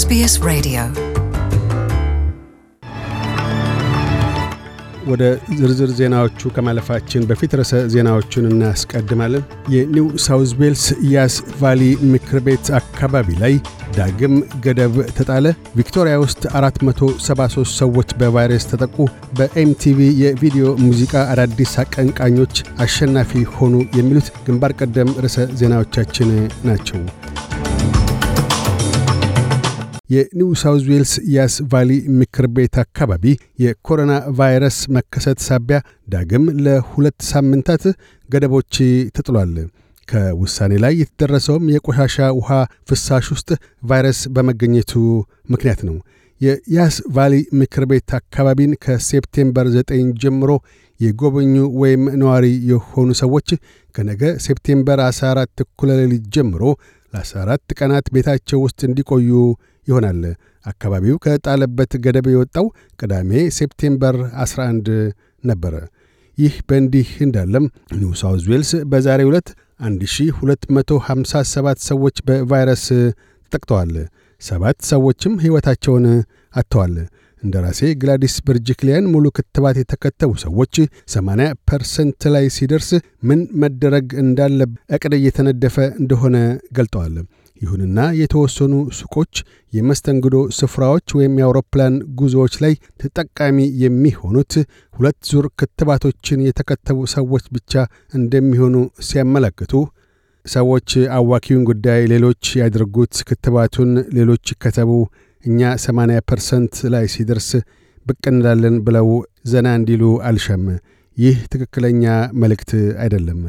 SBS Radio ወደ ዝርዝር ዜናዎቹ ከማለፋችን በፊት ርዕሰ ዜናዎቹን እናስቀድማለን። የኒው ሳውዝ ዌልስ ያስ ቫሊ ምክር ቤት አካባቢ ላይ ዳግም ገደብ ተጣለ። ቪክቶሪያ ውስጥ 473 ሰዎች በቫይረስ ተጠቁ። በኤምቲቪ የቪዲዮ ሙዚቃ አዳዲስ አቀንቃኞች አሸናፊ ሆኑ። የሚሉት ግንባር ቀደም ርዕሰ ዜናዎቻችን ናቸው። የኒው ሳውዝ ዌልስ ያስ ቫሊ ምክር ቤት አካባቢ የኮሮና ቫይረስ መከሰት ሳቢያ ዳግም ለሁለት ሳምንታት ገደቦች ተጥሏል። ከውሳኔ ላይ የተደረሰውም የቆሻሻ ውሃ ፍሳሽ ውስጥ ቫይረስ በመገኘቱ ምክንያት ነው። የያስ ቫሊ ምክር ቤት አካባቢን ከሴፕቴምበር 9 ጀምሮ የጎበኙ ወይም ነዋሪ የሆኑ ሰዎች ከነገ ሴፕቴምበር 14 እኩለ ሌሊት ጀምሮ ለ14 ቀናት ቤታቸው ውስጥ እንዲቆዩ ይሆናል። አካባቢው ከጣለበት ገደብ የወጣው ቅዳሜ ሴፕቴምበር 11 ነበር። ይህ በእንዲህ እንዳለም ኒው ሳውዝ ዌልስ በዛሬ ዕለት 1257 ሰዎች በቫይረስ ተጠቅተዋል። ሰባት ሰዎችም ሕይወታቸውን አጥተዋል። እንደ ራሴ ግላዲስ ብርጅክሊያን ሙሉ ክትባት የተከተቡ ሰዎች 80 ፐርሰንት ላይ ሲደርስ ምን መደረግ እንዳለ እቅድ እየተነደፈ እንደሆነ ገልጠዋል። ይሁንና የተወሰኑ ሱቆች፣ የመስተንግዶ ስፍራዎች ወይም የአውሮፕላን ጉዞዎች ላይ ተጠቃሚ የሚሆኑት ሁለት ዙር ክትባቶችን የተከተቡ ሰዎች ብቻ እንደሚሆኑ ሲያመለክቱ ሰዎች አዋኪውን ጉዳይ ሌሎች ያድርጉት፣ ክትባቱን ሌሎች ይከተቡ፣ እኛ 80 ፐርሰንት ላይ ሲደርስ ብቅ እንላለን ብለው ዘና እንዲሉ አልሸም። ይህ ትክክለኛ መልእክት አይደለም።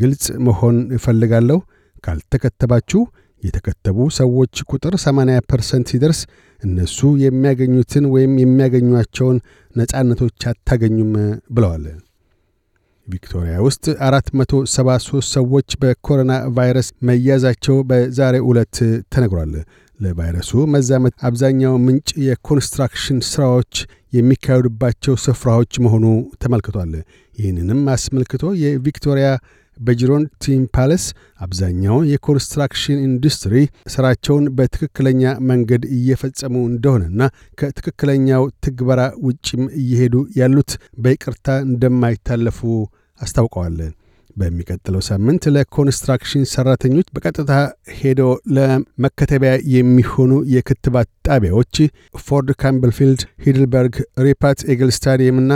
ግልጽ መሆን እፈልጋለሁ። ካልተከተባችሁ የተከተቡ ሰዎች ቁጥር 80 ፐርሰንት ሲደርስ እነሱ የሚያገኙትን ወይም የሚያገኟቸውን ነጻነቶች አታገኙም ብለዋል። ቪክቶሪያ ውስጥ 473 ሰዎች በኮሮና ቫይረስ መያዛቸው በዛሬ ዕለት ተነግሯል። ለቫይረሱ መዛመት አብዛኛው ምንጭ የኮንስትራክሽን ሥራዎች የሚካሄዱባቸው ስፍራዎች መሆኑ ተመልክቷል። ይህንንም አስመልክቶ የቪክቶሪያ በጅሮን ቲም ፓለስ አብዛኛው የኮንስትራክሽን ኢንዱስትሪ ሥራቸውን በትክክለኛ መንገድ እየፈጸሙ እንደሆነና ከትክክለኛው ትግበራ ውጭም እየሄዱ ያሉት በይቅርታ እንደማይታለፉ አስታውቀዋል። በሚቀጥለው ሳምንት ለኮንስትራክሽን ሰራተኞች በቀጥታ ሄደው ለመከተቢያ የሚሆኑ የክትባት ጣቢያዎች ፎርድ ካምብልፊልድ፣ ሂድልበርግ፣ ሪፓት ኤግል ስታዲየምና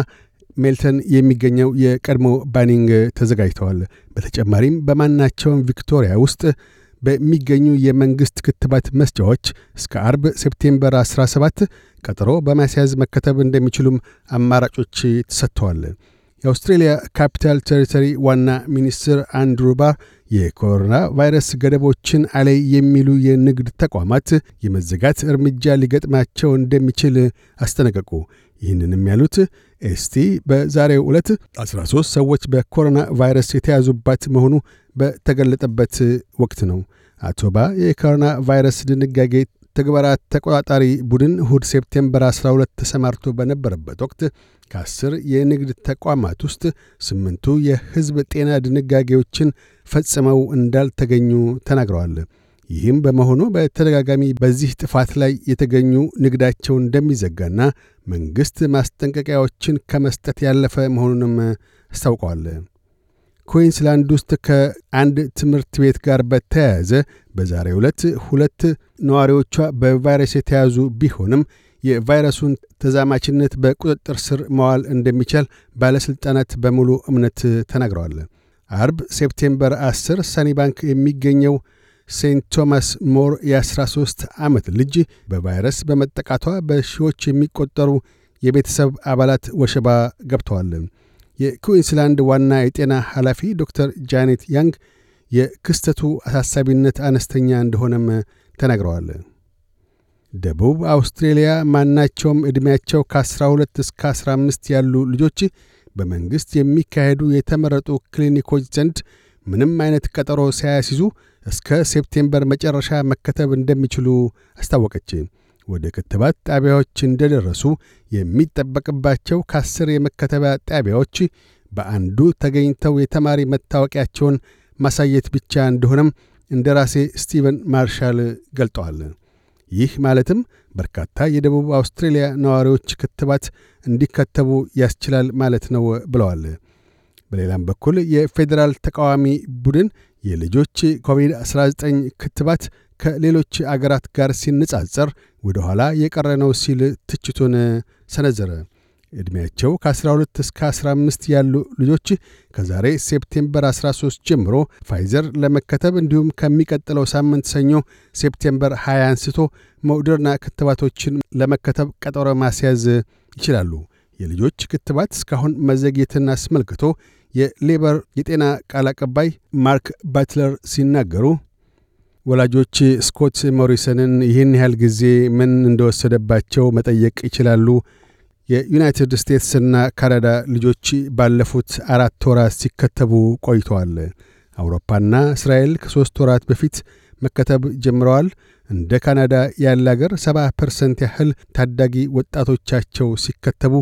ሜልተን የሚገኘው የቀድሞ ባኒንግ ተዘጋጅተዋል። በተጨማሪም በማናቸውም ቪክቶሪያ ውስጥ በሚገኙ የመንግሥት ክትባት መስጫዎች እስከ አርብ ሴፕቴምበር 17 ቀጠሮ በማስያዝ መከተብ እንደሚችሉም አማራጮች ተሰጥተዋል። የአውስትሬልያ ካፒታል ቴሪተሪ ዋና ሚኒስትር አንድሩ ባር የኮሮና ቫይረስ ገደቦችን አለይ የሚሉ የንግድ ተቋማት የመዘጋት እርምጃ ሊገጥማቸው እንደሚችል አስጠነቀቁ። ይህንንም ያሉት ኤስቲ በዛሬው ዕለት 13 ሰዎች በኮሮና ቫይረስ የተያዙባት መሆኑ በተገለጠበት ወቅት ነው። ባ የኮሮና ቫይረስ ድንጋጌ ተግባራት ተቆጣጣሪ ቡድን እሁድ ሴፕቴምበር 12 ተሰማርቶ በነበረበት ወቅት ከአስር የንግድ ተቋማት ውስጥ ስምንቱ የሕዝብ ጤና ድንጋጌዎችን ፈጽመው እንዳልተገኙ ተናግረዋል። ይህም በመሆኑ በተደጋጋሚ በዚህ ጥፋት ላይ የተገኙ ንግዳቸው እንደሚዘጋና መንግሥት ማስጠንቀቂያዎችን ከመስጠት ያለፈ መሆኑንም አስታውቀዋል። ኩዊንስላንድ ውስጥ ከአንድ ትምህርት ቤት ጋር በተያያዘ በዛሬ ዕለት ሁለት ነዋሪዎቿ በቫይረስ የተያዙ ቢሆንም የቫይረሱን ተዛማችነት በቁጥጥር ስር መዋል እንደሚቻል ባለሥልጣናት በሙሉ እምነት ተናግረዋል። አርብ ሴፕቴምበር 10 ሰኒ ባንክ የሚገኘው ሴንት ቶማስ ሞር የ13 ዓመት ልጅ በቫይረስ በመጠቃቷ በሺዎች የሚቆጠሩ የቤተሰብ አባላት ወሸባ ገብተዋል። የኩዊንስላንድ ዋና የጤና ኃላፊ ዶክተር ጃኔት ያንግ የክስተቱ አሳሳቢነት አነስተኛ እንደሆነም ተናግረዋል። ደቡብ አውስትሬልያ ማናቸውም ዕድሜያቸው ከ12 እስከ 15 ያሉ ልጆች በመንግሥት የሚካሄዱ የተመረጡ ክሊኒኮች ዘንድ ምንም አይነት ቀጠሮ ሳያስይዙ እስከ ሴፕቴምበር መጨረሻ መከተብ እንደሚችሉ አስታወቀች። ወደ ክትባት ጣቢያዎች እንደደረሱ የሚጠበቅባቸው ከአስር የመከተቢያ ጣቢያዎች በአንዱ ተገኝተው የተማሪ መታወቂያቸውን ማሳየት ብቻ እንደሆነም እንደ ራሴ ስቲቨን ማርሻል ገልጠዋል። ይህ ማለትም በርካታ የደቡብ አውስትሬልያ ነዋሪዎች ክትባት እንዲከተቡ ያስችላል ማለት ነው ብለዋል። በሌላም በኩል የፌዴራል ተቃዋሚ ቡድን የልጆች ኮቪድ-19 ክትባት ከሌሎች አገራት ጋር ሲነጻጸር ወደ ኋላ የቀረ ነው ሲል ትችቱን ሰነዘረ። ዕድሜያቸው ከ12 እስከ 15 ያሉ ልጆች ከዛሬ ሴፕቴምበር 13 ጀምሮ ፋይዘር ለመከተብ እንዲሁም ከሚቀጥለው ሳምንት ሰኞ ሴፕቴምበር 20 አንስቶ ሞደርና ክትባቶችን ለመከተብ ቀጠሮ ማስያዝ ይችላሉ። የልጆች ክትባት እስካሁን መዘግየትን አስመልክቶ የሌበር የጤና ቃል አቀባይ ማርክ ባትለር ሲናገሩ ወላጆች ስኮት ሞሪሰንን ይህን ያህል ጊዜ ምን እንደወሰደባቸው መጠየቅ ይችላሉ። የዩናይትድ ስቴትስና ካናዳ ልጆች ባለፉት አራት ወራት ሲከተቡ ቆይተዋል። አውሮፓና እስራኤል ከሦስት ወራት በፊት መከተብ ጀምረዋል። እንደ ካናዳ ያለ አገር 7% ፐርሰንት ያህል ታዳጊ ወጣቶቻቸው ሲከተቡ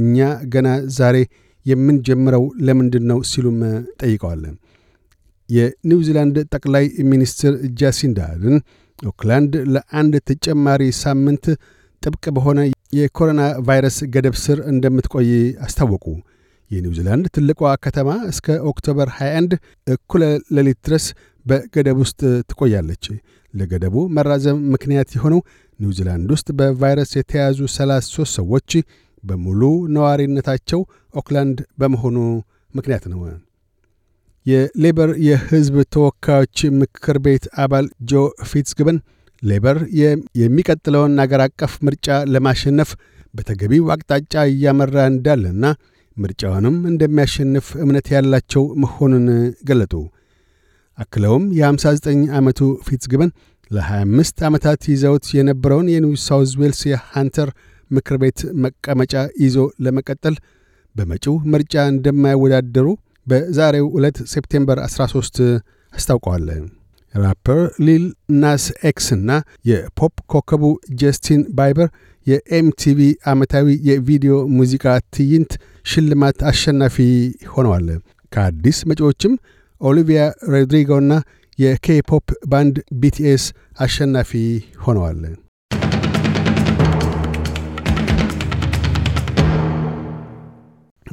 እኛ ገና ዛሬ የምንጀምረው ለምንድን ነው ሲሉም ጠይቀዋል። የኒውዚላንድ ጠቅላይ ሚኒስትር ጃሲንዳ አርን ኦክላንድ ለአንድ ተጨማሪ ሳምንት ጥብቅ በሆነ የኮሮና ቫይረስ ገደብ ስር እንደምትቆይ አስታወቁ። የኒውዚላንድ ትልቋ ከተማ እስከ ኦክቶበር 21 እኩለ ሌሊት ድረስ በገደብ ውስጥ ትቆያለች። ለገደቡ መራዘም ምክንያት የሆነው ኒውዚላንድ ውስጥ በቫይረስ የተያዙ 33 ሰዎች በሙሉ ነዋሪነታቸው ኦክላንድ በመሆኑ ምክንያት ነው። የሌበር የሕዝብ ተወካዮች ምክር ቤት አባል ጆ ፊትስግበን ሌበር የሚቀጥለውን አገር አቀፍ ምርጫ ለማሸነፍ በተገቢው አቅጣጫ እያመራ እንዳለና ምርጫውንም እንደሚያሸንፍ እምነት ያላቸው መሆኑን ገለጡ። አክለውም የ59 ዓመቱ ግበን ለ25 ዓመታት ይዘውት የነበረውን የኒው ሳውዝ ዌልስ የሃንተር ምክር ቤት መቀመጫ ይዞ ለመቀጠል በመጪው ምርጫ እንደማይወዳደሩ በዛሬው ዕለት ሴፕቴምበር 13 አስታውቀዋል። ራፐር ሊል ናስ ኤክስ እና የፖፕ ኮከቡ ጀስቲን ባይበር የኤምቲቪ ዓመታዊ የቪዲዮ ሙዚቃ ትዕይንት ሽልማት አሸናፊ ሆነዋል። ከአዲስ መጪዎችም ኦሊቪያ ሮድሪጎና የኬፖፕ ባንድ ቢቲኤስ አሸናፊ ሆነዋል።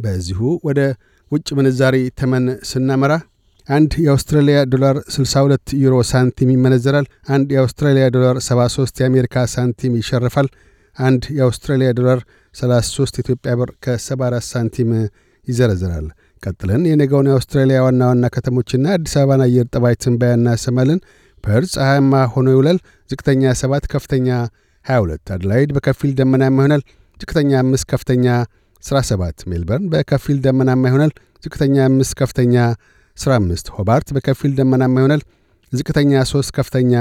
በዚሁ ወደ ውጭ ምንዛሪ ተመን ስናመራ አንድ የአውስትራሊያ ዶላር 62 ዩሮ ሳንቲም ይመነዘራል። አንድ የአውስትራሊያ ዶላር 73 የአሜሪካ ሳንቲም ይሸርፋል። አንድ የአውስትራሊያ ዶላር 33 ኢትዮጵያ ብር ከ74 ሳንቲም ይዘረዝራል። ቀጥለን የነገውን የአውስትራሊያ ዋና ዋና ከተሞችና አዲስ አበባን አየር ጠባይ ትንበያ እናሰማለን። ፐርዝ ፀሐያማ ሆኖ ይውላል። ዝቅተኛ 7 ከፍተኛ 22። አድላይድ በከፊል ደመናማ ይሆናል። ዝቅተኛ 5 ከፍተኛ ስራ ሰባት ሜልበርን በከፊል ደመናማ ይሆናል። ዝቅተኛ 5 ከፍተኛ 15 ሆባርት በከፊል ደመናማ ይሆናል። ዝቅተኛ 3 ከፍተኛ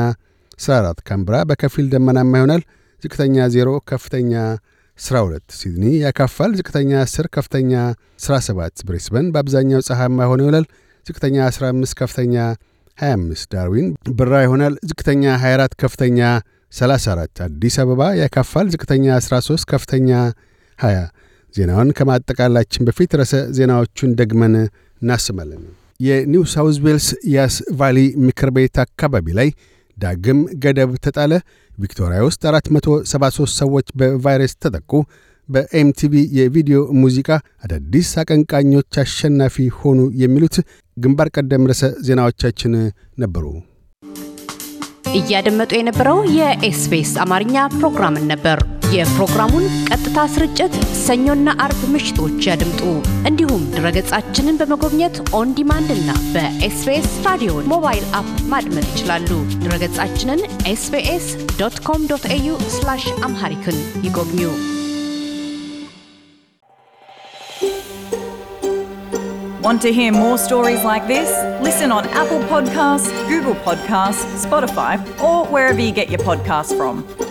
14 ካምብራ በከፊል ደመናማ ይሆናል። ዝቅተኛ 0 ከፍተኛ 12 ሲድኒ ያካፋል። ዝቅተኛ 10 ከፍተኛ 17 ብሬስበን በአብዛኛው ፀሐያማ ሆኖ ይውላል። ዝቅተኛ 15 ከፍተኛ 25 ዳርዊን ብራ ይሆናል። ዝቅተኛ 24 ከፍተኛ 34 አዲስ አበባ ያካፋል። ዝቅተኛ 13 ከፍተኛ 20 ዜናውን ከማጠቃላችን በፊት ርዕሰ ዜናዎቹን ደግመን እናስማለን። የኒው ሳውዝ ዌልስ ያስ ቫሊ ምክር ቤት አካባቢ ላይ ዳግም ገደብ ተጣለ። ቪክቶሪያ ውስጥ 473 ሰዎች በቫይረስ ተጠቁ። በኤምቲቪ የቪዲዮ ሙዚቃ አዳዲስ አቀንቃኞች አሸናፊ ሆኑ። የሚሉት ግንባር ቀደም ርዕሰ ዜናዎቻችን ነበሩ። እያደመጡ የነበረው የኤስፔስ አማርኛ ፕሮግራምን ነበር። የፕሮግራሙን በቀጥታ ስርጭት ሰኞና አርብ ምሽቶች ያድምጡ። እንዲሁም ድረገጻችንን በመጎብኘት ኦን ዲማንድ እና ራዲዮ ሞባይል አፕ ማድመጥ ይችላሉ። ድረገጻችንን ዶት ኮም ዶት ኤዩ አምሃሪክን ይጎብኙ። Want to hear more stories like this? Listen on Apple Podcasts, Google Podcasts, Spotify, or wherever you get your podcasts from.